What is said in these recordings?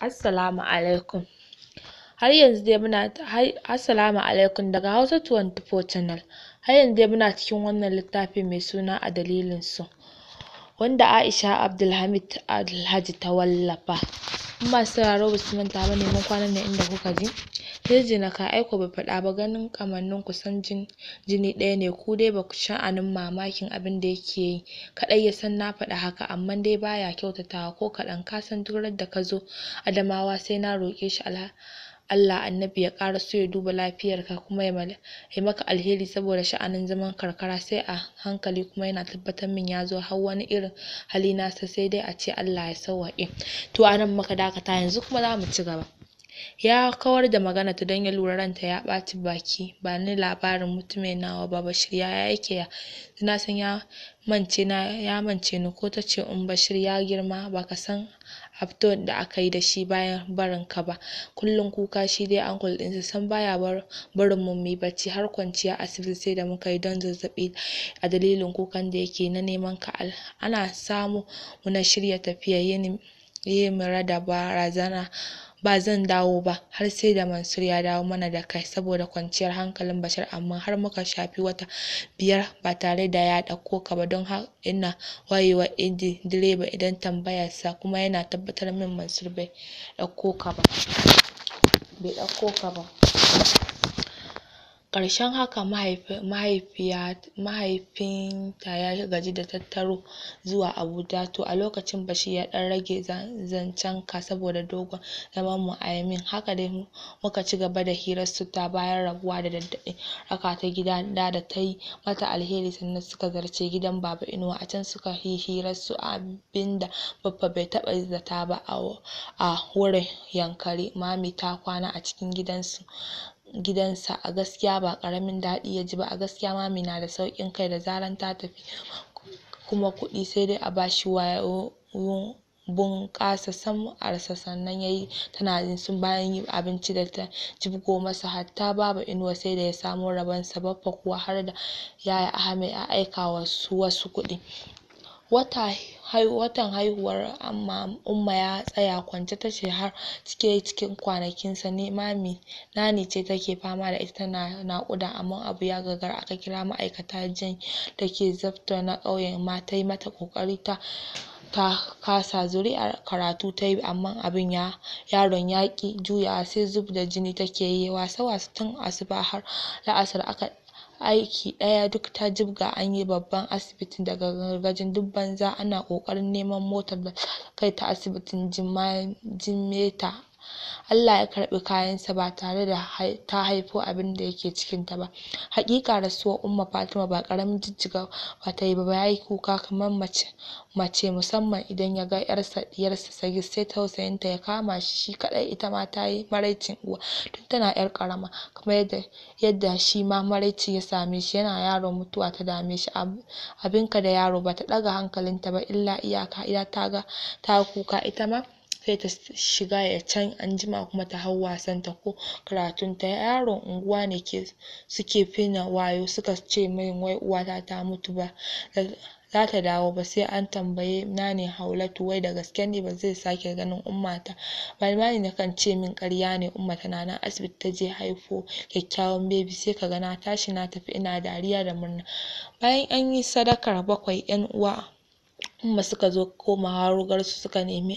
Assalamu alaikum. Har yanzu dai muna Assalamu alaikum daga Hausa 24 Channel. Har yanzu dai muna cikin wannan littafi mai suna a dalilin su wanda Aisha Abdulhamid Alhaji ta wallafa. in masu sauraro ba su manta ba neman kwanan nan inda kuka ji jina ka aiko bai faɗa ba ganin kamannin ku san jin jini ɗaya ne ku dai ba ku sha'anin mamakin abin da yake yi kaɗai ya san na faɗa haka amma dai baya kyautatawa ko kaɗan ka san duk da ka zo Adamawa sai na roƙe shi Allah annabi ya ƙara so ya duba lafiyarka kuma ya yi maka alheri saboda sha'anin zaman karkara sai a hankali kuma yana tabbatar min ya zo har wani irin hali nasa sai dai a ce Allah ya sawwaƙe to a nan muka dakata yanzu kuma za mu ci gaba ya kawar da magana ta don ya lura ranta ya ɓaci baki ba ni labarin mutumin nawa ba Bashir ya yake ya na san ya mance na ya mance ni ko ta ce in Bashir ya girma ba ka san afton da aka yi da shi bayan barin ka ba kullum kuka shi dai uncle ɗinsa sam baya barin mu mai bacci har kwanciya asibiti sai da muka yi don zazzaɓi a dalilin kukan da yake na neman ka ana samu na shirya tafiya yini mura da barazana ba zan dawo ba har sai da Mansur ya dawo mana da kai saboda kwanciyar hankalin Bashir amma har muka shafi wata biyar ba tare da ya ɗauko ka ba don har ina wayewa idi direba idan tambayarsa kuma yana tabbatar min Mansur bai ɗauko ka ba bai ɗauko ka ba. ƙarshen haka mahaifinta ya gaji da tattaro zuwa Abuja to a lokacin Bashir ya ɗan rage ka saboda dogon zaman Mayamin, haka dai muka ci gaba da hirarsu ta bayan rabuwa da daddare, haka ta gida da ta da yi mata alheri sannan suka zarce gidan Baba Inuwa a can suka yi hirarsu abinda Baffa bai taɓa zata ba a wurin Yankari, Mami ta kwana a cikin gidansu gidansa a gaskiya ba ƙaramin daɗi ya ji ba a gaskiya mami na da sauƙin kai da zaran ta tafi kuma kuɗi sai dai a bashi wayo bunƙasa sam a rasa sannan yayi tana jin sun bayan yin abinci da ta jibgo masa hatta babu inuwa sai da ya samo sa baffa kuwa har da yaya Ahmed ya aika wasu kuɗi watan haihuwar Umma ya tsaya kwance ce har cike cikin kwanakinsa ne mami Nani ce take fama da ita tana naƙuda amma abu ya gagara aka kira ma'aikata jin da ke na ƙauyen ma ta yi mata ƙoƙari ta ta kasa zuri'ar karatu ta yi amma abin ya yaron ya ƙi juyawa sai zub da jini take yi wasa wasa tun asuba har la'asar aka aiki ɗaya duk ta jibga an yi babban asibitin daga gargajin duk banza ana ƙoƙarin neman motar da kai ta asibitin jimeta Allah ya karbi kayansa ba tare da ta haifo abin da yake cikinta ba haƙiƙa rasuwar umma Fatima ba karamin jijjiga ba ta yi ba yi kuka kamar mace musamman idan ya ga yarsa ɗiyarsa Sagir sai tausayinta ya kama shi shi kaɗai ita ma ta yi maraicin uwa tun tana ƴar ƙarama kuma yadda shi ma maraicin ya same shi yana yaro mutuwa ta dame shi abinka da yaro ba bata ɗaga hankalinta ba illa iyaka idan ta ga ta kuka ita ma sai ta shiga ya can anjima kuma ta hau wasan ta ko karatun ta yaron unguwa ne ke suke fina wayo suka ce min wai uwata ta mutu ba za ta dawo ba sai an tambaye na ne Haulatu wai da gaske ne ba zai sake ganin ummata malmani na kan ce min ƙarya ne umma tana nan asibiti ta je haifo kyakkyawan bebi sai ka ga na tashi na tafi ina dariya da murna bayan an yi sadakar bakwai 'yan uwa kuma suka zo komawa rugarsu suka nemi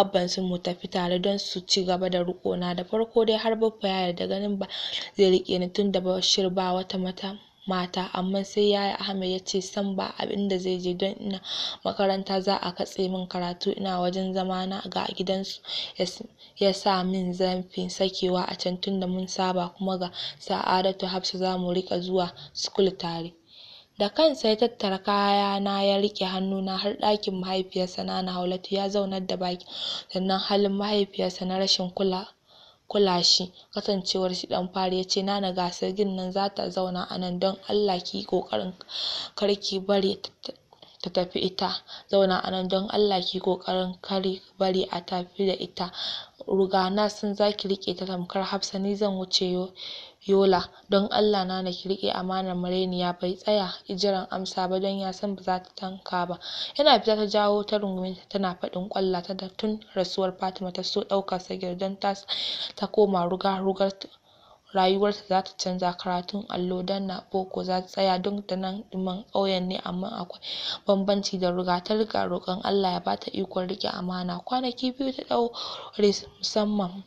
abban su mu tafi tare don su ci gaba da na da farko dai har babba ya yarda ganin ba zai riƙe ni tunda Bashir ba wata mata mata amma sai yaya Ahmed ya ce sam ba abin da zai je don ina makaranta za a katse min karatu ina wajen zama zamana ga gidan su ya sa min zamfin sakewa a can tunda mun saba kuma ga Sa'adatu Hafsa zamu mu riƙa zuwa school tare da kansa ya tattara kayana ya riƙe hannuna har ɗakin mahaifiyarsa na na haulatu ya zaunar da baki sannan halin mahaifiyarsa na rashin kula kula shi kasancewar shi dan fari yace nana ga sirgin nan zata zauna a nan don Allah ki yi kokarin kar ki bari ta tafi ita zauna a nan don Allah ki yi kokarin kar ki bari a tafi da ita ruga na san zaki rike ta tamkar Hafsa ni zan wuce Yola, don Allah na ki riƙe amanar mareniya bai tsaya ijiran amsa ba don ya san ba za ta tanka ba. Yana fita ta jawo ta rungume ta tana faɗin ƙwalla ta da tun rasuwar Fatima ta so ɗaukar sagir don ta ta koma ruga rugar rayuwarta za ta canza karatun allo don na boko za ta tsaya duk da nan ɗiman ƙauyen ne amma akwai bambanci da ruga ta riƙa roƙon Allah ya bata ikon riƙe amana kwanaki biyu ta ɗau musamman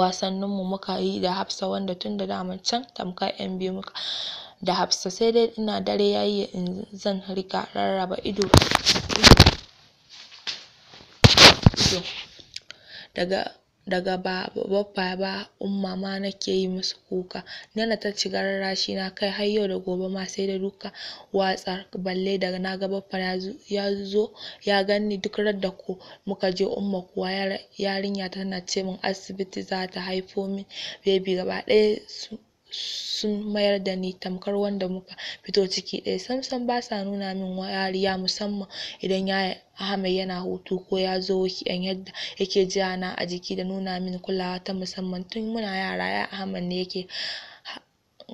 wasannin mu muka yi da Hafsa wanda tun da daman can tamkar 'yan biyu muka da Hafsa sai dai ina dare yayi in zan rika rarraba ido daga daga ba babba ba umma ma nake yi musu kuka na ta shiga rarrashi na kai har yau da gobe ma sai da duka watsa balle da na ga babba ya zo ya ganni duk da ko muka je umma kuwa yarinya tana ce min asibiti za ta haifo min baby gaba ɗaya su sun mayar da ni tamkar wanda muka fito ciki ɗaya sam ba sa nuna min wariya musamman idan ya Ahmed yana hutu ko ya zo yan yadda yake jiya na a jiki da nuna min kulawa ta musamman tun muna yara ya Ahmed ne yake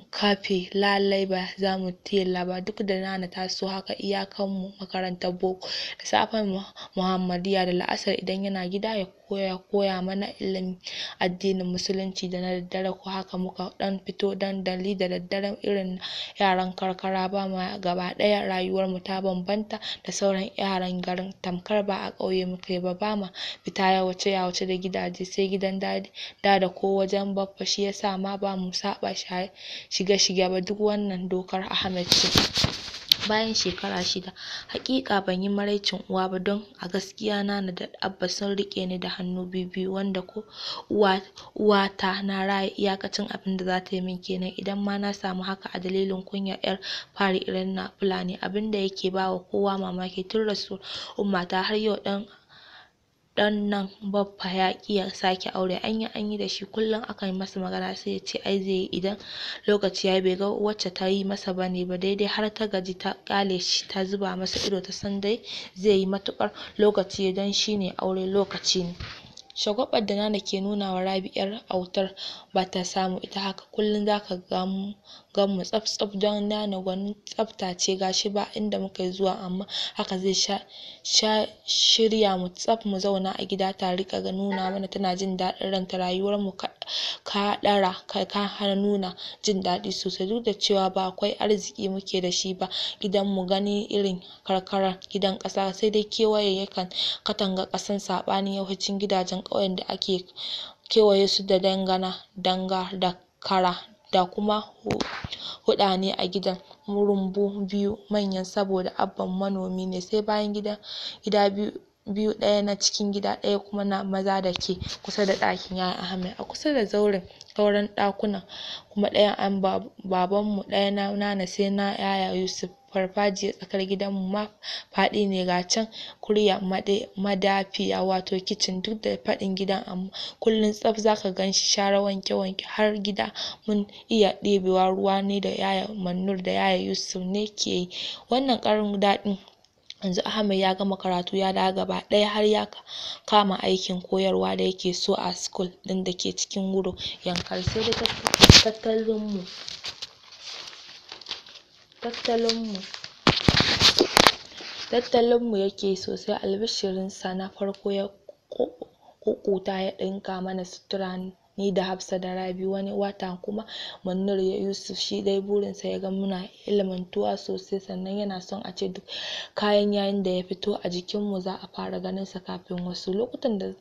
kafe lallai ba za mu tela ba duk da na taso haka iyakan mu makarantar boko da safen muhammadiya da la'asar idan yana gida ya koya koya mana ilimin addinin musulunci da na daddare ko haka muka ɗan fito dan dali da daddare irin yaran karkara ma gaba ɗaya rayuwar mu ta bambanta da sauran yaran garin tamkar ba a ƙauye muke ba ma fita yawace yawace da gidaje sai gidan dadi dada ko wajen baffa yasa ma bamu saɓa shaye shige shige ba duk wannan dokar Ahmed ce. bayan shekara shida haƙiƙa ban yi maraicin uwa ba don a gaskiya na da abba sun rike ni da hannu biyu wanda ko uwa uwata na raya iyakacin abin da za ta yi min kenan idan ma na samu haka a dalilin kunya yar fari irin na Fulani abin da yake ba wa kowa mamaki tun rasuwar ta har yau ɗan ɗan nan baffa ya ƙi ya sake aure an yi an yi da shi kullum aka yi masa magana sai ya ce ai zai yi idan lokaci ya bai ga wacce ta yi masa ba ne ba daidai har ta gaji ta ƙyale shi ta zuba masa ido ta san dai zai yi matuƙar lokaci don shi ne aure lokaci ne. shagwaɓar da Nana ke nuna wa Rabi 'yar autar ba ta samu ita haka kullum za ka gan mu tsaf tsaf don nana gwanin tsafta ce gashi ba inda muka yi zuwa amma haka zai sha sha shirya mu tsaf mu zauna a gida ta riƙa nuna mana tana jin daɗin ranta rayuwar mu ka ɗara ka nuna jin daɗi sosai duk da cewa ba akwai arziki muke da shi ba gidan mu gani irin karkara gidan ƙasa sai dai kewaye yakan katanga ƙasan saɓanin yawancin gidajen ƙauyen da ake kewaye su da dangana danga da kara da kuma huɗa ne a gidan rumbu biyu manyan saboda abban manomi ne sai bayan gida gida biyu biyu ɗaya na cikin gida ɗaya kuma na maza da ke kusa da ɗakin Yaya Ahmed. A kusa da zauren sauran ɗakunan kuma ɗayan an babanmu ɗaya na Nana sai na Yaya Yusuf. farfajiya tsakar gidanmu ma faɗi ne ga can kurya madafiya wato kicin duk da faɗin gidan amma kullum tsaf zaka ganshi share wanke wanke har gida mun iya ɗebewa ruwa ne da yaya Mannur da yaya Yusuf ne ke yi wannan ƙarin daɗin yanzu Ahmad ya gama karatu ya dawo gaba ɗaya har ya kama aikin koyarwa da yake so a school ɗin da ke cikin wuro Yankari sai dai mu. tattalinmu tattalinmu yake sosai albishirinsa na farko ya ƙuƙuta ya ɗinka mana sutura ni da Hafsa da Rabi wani wata kuma ya Yusuf shi dai burinsa ya ga muna tuwa sosai sannan yana son a ce duk kayan yayin da ya fito a jikinmu za a fara ganin kafin wasu lokutan da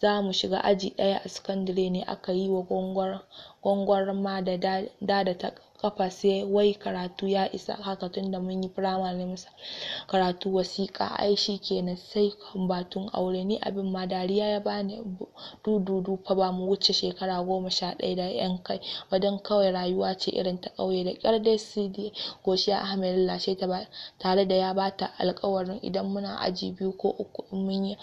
za mu shiga aji ɗaya a sakandare ne aka yi wa gwangwar ma da dada ta kafa sai wai karatu ya isa haka tunda mun yi firamare masa karatu wasiƙa ai shi kenan sai batun aure ni abin ma dariya ya bani dududu fa ba mu wuce shekara goma sha ɗaya da yan kai ba kawai rayuwa ce irin ta ƙauye da ƙyar dai sidi goshiya ahmed lashe ta ba tare da ya bata alƙawarin idan muna aji biyu ko uku in mun yi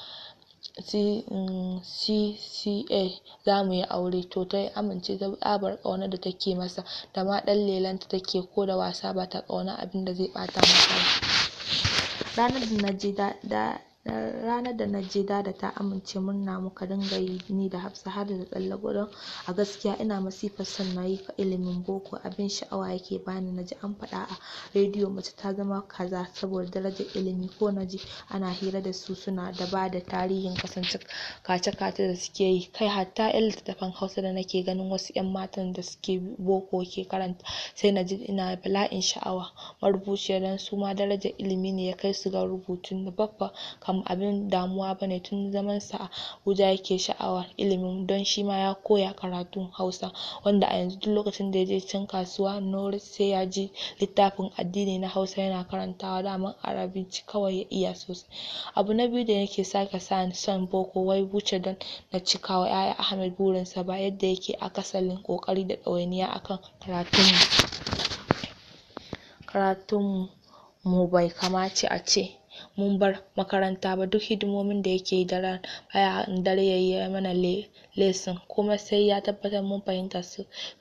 Mm, CCA za mu yi aure to ta yi amince ta tsabar ƙaunar da take masa da ma ɗan lelenta take ko da wasa ba ta ƙauna abinda zai ɓata masa ba. Ranar da na ji da ranar da na je dada ta amince murna muka dinga yi ni da hafsa har da tsalle gurin a gaskiya ina masifar son na yi ilimin boko abin sha'awa yake bani na ji an faɗa a rediyo mace ta zama kaza saboda darajar ilimi ko na ji ana hira da su suna da ba da tarihin kasance kace-kace da suke yi kai hatta 'yan littattafan hausa da nake ganin wasu 'yan matan da suke boko ke karanta sai na ji ina bala'in sha'awa marubuci don su ma darajar ilimi ne ya kai su ga rubutun da baffa kam abin damuwa bane tun zamansa a Abuja yake sha'awar ilimin don shi ma ya koya karatun Hausa wanda a yanzu duk lokacin da ya je can kasuwa nori sai ya ji littafin addini na Hausa yana karantawa daman Arabanci kawai ya iya sosai. Abu na biyu da yake sake sa ni son boko wai wuce don na cikawa 'ya'ya Ahmed burinsa ba yadda yake akasalin kokari da ɗawainiya akan kan karatun mu bai kamace a ce mun bar makaranta ba duk hidimomin da yake yi da baya dare yayi ya mana lesson komai sai ya tabbatar mun fahimta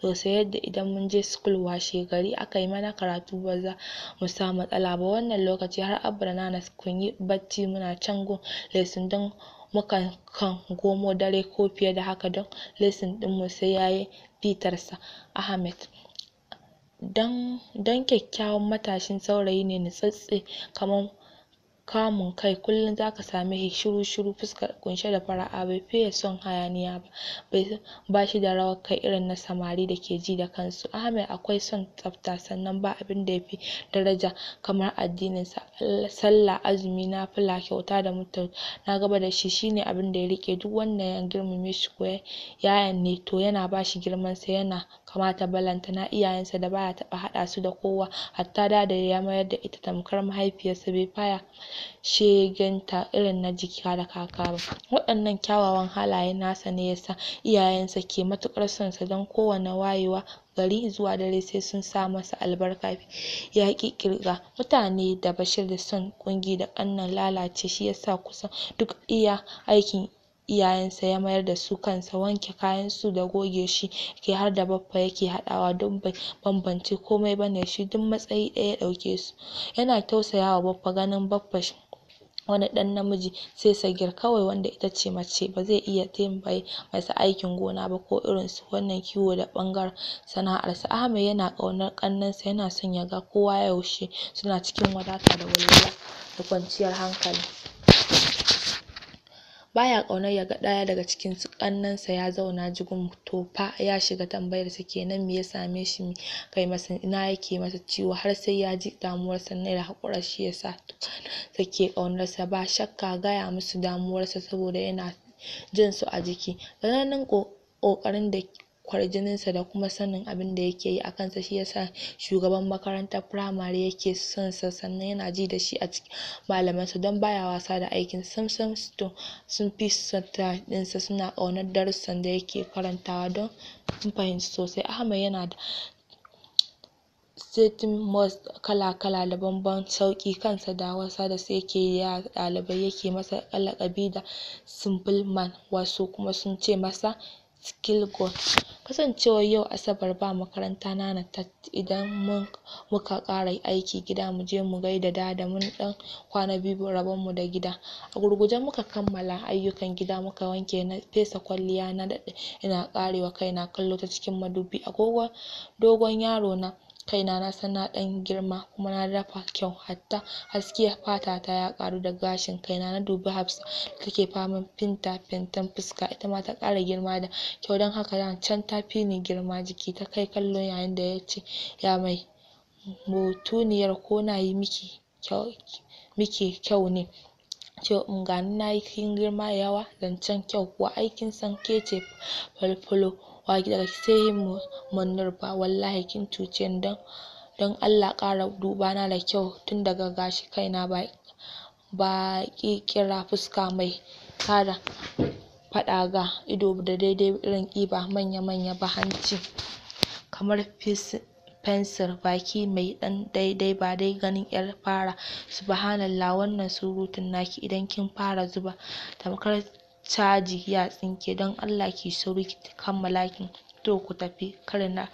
sosai yadda idan mun je school washe gari aka yi mana karatu ba za mu samu matsala ba wannan lokaci har abu da na kun yi bacci muna can gun lesson don mukan kan gomo dare ko fiye da haka don lesson mu sai yayi bitarsa Ahmed don don kyakkyawan matashin saurayi ne nutsatstse kamar kamun kai kullum zaka same shi shiru shiru fuska ƙunshe da fara'a bai fiye son hayaniya ba bai ba shi da rawar kai irin na samari da ke ji da kansu Ahmed akwai son tsafta sannan ba abin abinda yafi daraja kamar addinin sa sallah azumi nafila kyauta da na gaba da shi shine da ya rike duk wanda ya girmame shi ko ya ne to yana bashi girman sa yana kamata ballantana iyayensa da baya taɓa haɗa su da kowa hatta da ya mayar da ita tamkar mahaifiyarsa bai fara shegenta irin na jika da kaka ba waɗannan kyawawan halaye nasa ne yasa iyayensa ke matuƙar sonsa don kowane wayewa gari zuwa dare sai sun sa masa albarka ya kirga mutane da Bashir da son ƙungi da ƙannan lalace shi yasa kusan duk iya aikin iyayensa ya mayar da su kansa wanke kayansu da goge shi ke har da baffa yake haɗawa don bai bambance komai bane shi duk matsayi ɗaya ya ɗauke su yana tausayawa baffa ganin baffa wani ɗan namiji sai sagir kawai wanda ita ce mace ba zai iya tambaye masa aikin gona ba ko irin su wannan kiwo da ɓangaren sana'arsa Ahmad yana ƙaunar ƙannensa yana son ya ga kowa yaushe suna cikin wadata da walwala da kwanciyar hankali. baya ƙaunar ya ga ɗaya daga cikin su ƙannensa ya zauna jigun to fa ya shiga tambayarsa kenan me ya same shi kai masa ina yake masa ciwo har sai ya ji damuwar sannan da haƙura shi yasa take ƙaunarsa ba shakka gaya musu damuwarsa saboda yana jin su a jiki tsananin ƙoƙarin da sa da kuma sanin abin da yake yi a kansa shi yasa shugaban makarantar firamare yake son sa sannan yana ji da shi a cikin malamansa don baya wasa da aikin sam sam sun fi son sa suna ƙaunar darussan da yake karantawa don sun fahimci sosai Ahmad yana da setting mos kala-kala da banban sauƙi kansa da wasa da su yake yi ɗalibai yake masa lakabi da simple man wasu kuma sun ce masa skill goal kasancewar yau asabar ba makaranta nana ta idan mun muka ƙara aiki gida mu je mu gaida dada mun ɗan kwana biyu rabon mu da gida a gurguje muka kammala ayyukan gida muka wanke na fesa kwalliya na daɗe ina ƙarewa kaina kallo ta cikin madubi agogon dogon yaro na kaina na san na ɗan girma kuma na dafa kyau hatta haske fata ta ya karu da gashin kaina na dubi Hafsa take faman finta fintan fuska ita ma ta ƙara girma da kyau don haka da can ta fi ni girma jiki ta kai kallon yayin da ya ce ya mai mutuniyar ko na yi miki kyau miki kyau ne ce in gani na yi kin girma da yawa zancen kyau kuwa aikin kin san ke ce ba daga sai munnar ba wallahi kin cuce ni don don Allah ƙara duba na da kyau tun daga gashi kaina ba ba fuska mai kara faɗa ga ido da daidai irin ƙiba manya manya ba hanci kamar fensir baki mai ɗan daidai ba dai ganin ƴar fara subhanallah wannan surutun naki idan kin fara zuba tamkar caji ya tsinke don Allah ki sauri ki kammala ki to ku tafi kar na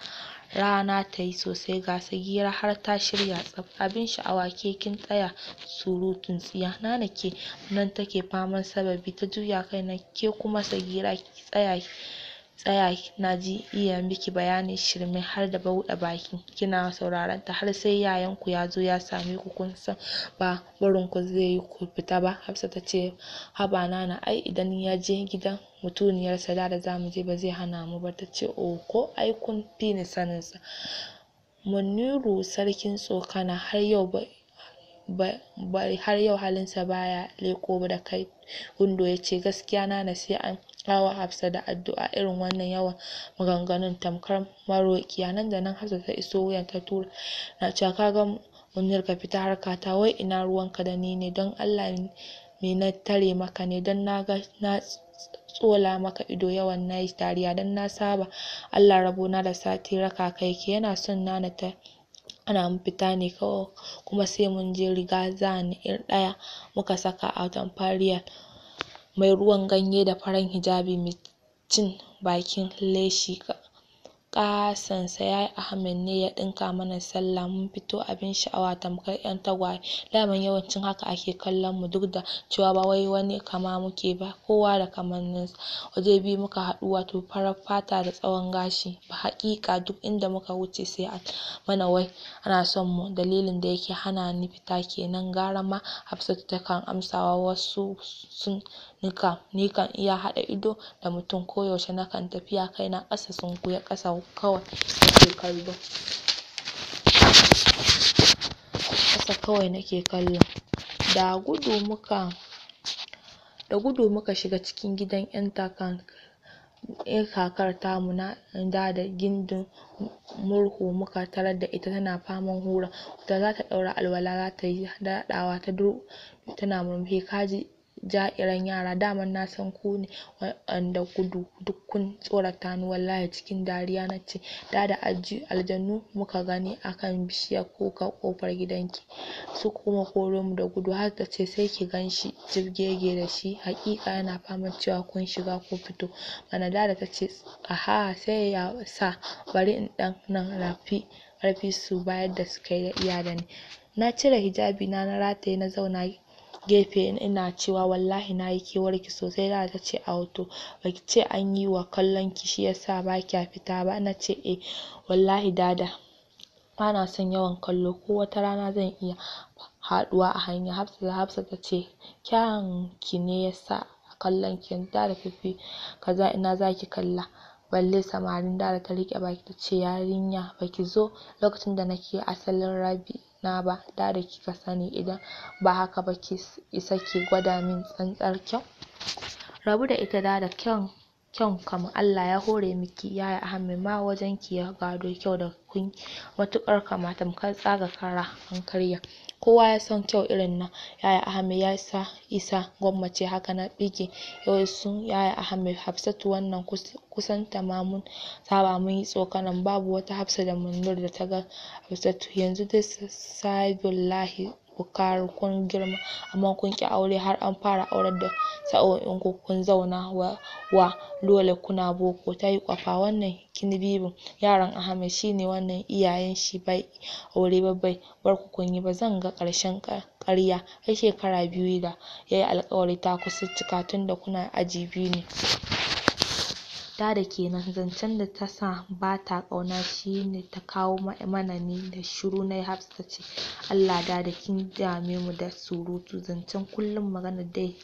rana ta yi sosai ga Sagira har ta shirya tsaf abin sha'awa ke kin tsaya surutun tsiya na ke nan take faman sababi ta juya kaina ke kuma Sagira ki tsaya tsaya na ji iya miki bayanin shirme har da bauɗa baki kina sauraron ta har sai yayan ku ya zo ya same ku kun san ba barin ku zai yi ku fita ba Hafsat ta ce haba nana ai idan ya je gidan mutuniyar sada da za mu je ba zai hana mu ba ta ce oh ko ai kun fi ni sanin sa Muniru sarkin tsokana har yau ba. har yau halinsa baya leko da kai wando ya ce gaskiya na na sai an kawo Hafsa da addu'a irin wannan yawan maganganun tamkar a nan da nan Hafsa ta iso wuyan ta tura na cewa ka ga Munir ka fita harkata wai ina ruwanka da ni ne don Allah me na tare maka ne don na ga na tsola maka ido yawan na yi dariya don na saba Allah rabona da sati raka kai yake yana son na na ta ana mu fita ne kawai kuma sai mun je riga zani iri ɗaya muka saka atamfa mai ruwan ganye da farin hijabi mai cin bakin leshi. ƙasan sa yi Ahmad ne ya ɗinka mana sallah mun fito abin sha'awa tamkar 'yan tagwaye daman yawancin haka ake kallon mu duk da cewa ba wai wani kama muke ba kowa da kamannin sa waje biyu muka haɗu wato farar fata da tsawon gashi ba haƙiƙa duk inda muka wuce sai a mana wai ana son mu dalilin da yake hana ni fita kenan gara ma Hafsatu takan amsawa wasu sun ni nikan iya haɗa ido da mutum koyaushe nakan tafiya kaina ƙasa sunkuya ƙasa kawai nake kallo ƙasa kawai nake kallo da gudu muka da gudu muka shiga cikin gidan ƴan takan kakar tamu na da da gindin murhu muka tarar da ita tana faman hura wuta zata ɗaura alwala yi daɗawa ta tana murmushi kaji ja'iran yara daman na san ku ne wa'anda gudu duk kun tsorata ni wallahi cikin dariya na ce da da aljannu muka gani akan bishiya ko ka ƙofar gidanki su kuma koro mu da gudu har ta ce sai ki gan shi da shi haƙiƙa yana faman cewa kun shiga ko fito mana da da ta ce aha sai ya sa bari in ɗan nan rafi ƙarfi su bayar da suka yi iya da ni na cire hijabi na na rataye na zauna gefe ina cewa wallahi na yi kewarki sosai da ta ce a hoto baki ce an yi wa kallon ki shi yasa ba kya fita ba na ce e wallahi dada bana son yawan kallo ko wata rana zan iya haduwa a hanya Hafsat Hafsat ta ce kyan ki ne yasa kallon ki yanzu dada fifi kaza ina zaki kalla balle samarin dada ta rike baki ta ce yarinya baki zo lokacin da nake asalin rabi na ba da da kika sani idan ba haka ba ki isa ki gwada min tsantsar kyau rabu da ita da kyan kyan kam Allah ya hore miki yaya Ahmed ma wajen ki ya gado kyau da kun matukar kama tamkar tsaga kara an karya kowa ya san kyau irin nan Yaya Ahmed ya sa Isa Gwammace haka na yau su Yaya Ahmed Hafsatu wannan kusan ma saba mun yi tsokanan babu wata Hafsa da Munir da ta ga Hafsatu yanzu dai Saidullahi har kun girma amma kun ƙi aure har an fara aurar da sa'o'in ku kun zauna wa wa dole kuna boko tayi ƙwafa wannan kinibibin yaron Ahmad shine wannan iyayen shi bai aure ba bai bar ku kun yi ba zan ga ƙarshen ƙarya ai shekara biyu da yayi alƙawari ta kusa cika tunda kuna aji biyu ne. da kenan zancen da ta sa ba ta ƙauna shi ne ta kawo mana ne da shiru na hafsa ce Allah da da kin dame mu da surutu zancen kullum magana dai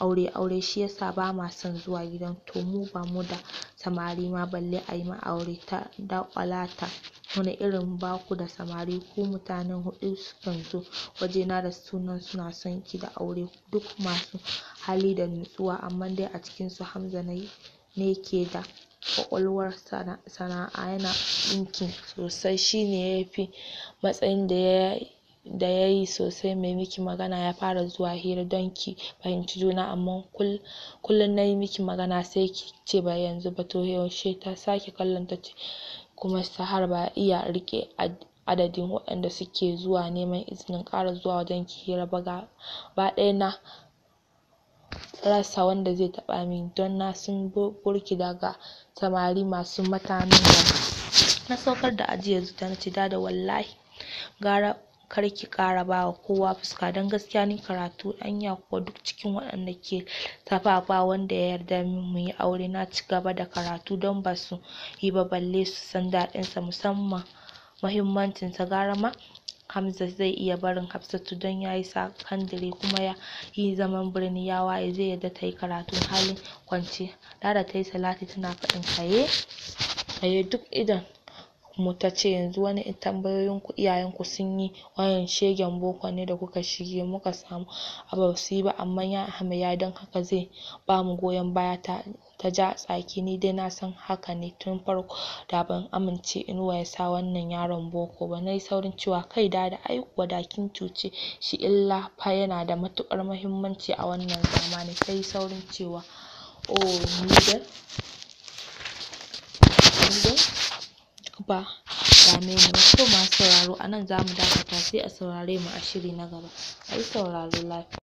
aure aure shi yasa ba ma son zuwa gidan to mu ba mu da samari ma balle a yi ma aure ta daƙwalata wani irin baku da samari ku mutanen huɗu sukan zo wajena da sunan suna son ki da aure duk masu hali da nutsuwa amma dai a cikinsu Hamza na yi ne ke da ƙwaƙwalwar sana'a yana ɗinki sosai shine fi matsayin da ya da yayi sosai mai miki magana ya fara zuwa hira don ki fahimci juna amma kullum na yi miki magana sai ki ce ba yanzu ba to yaushe ta sake kallon ta ce kuma Sahar ba iya rike adadin waɗanda suke zuwa neman izinin ƙara zuwa wajen ki hira ba ɗaya na rasa wanda zai taɓa min don na sun burki daga samari masu matanin da na saukar da ajiyar zuta na ce da wallahi gara kar ki ƙara ba wa kowa fuska don gaskiya ni karatu anya kuwa duk cikin waɗanda ke tafa ba wanda ya yarda min mu yi aure na ci gaba da karatu don ba su yi ba balle su san daɗinsa musamman muhimmancinsa gara ma Hamza zai iya barin Hafsatu don ya yi sakandire kuma ya yi zaman birni ya waye zai yarda ta yi karatun halin kwance. Lada ta yi salati tana faɗin kaye, kaye duk idon kuma ta ce yanzu wani tambayoyin ku iyayenku sun yi wannan shegen boko ne da kuka shige muka samu ba su ba amma ya hamaya don haka zai ba mu goyon baya ta ta ja tsaki ni dai na san haka ne tun farko da ban amince Inuwa ya sa wannan yaron boko ba nayi saurin cewa kai da Dada ai kuwa da kin cuce shi illa fa yana da matukar muhimmanci a wannan zamani sai saurin cewa oh ni dai ba ga ni masu sauraro a nan za mu dakata sai a saurare mu a shiri na gaba. ayi sauraro lafiya.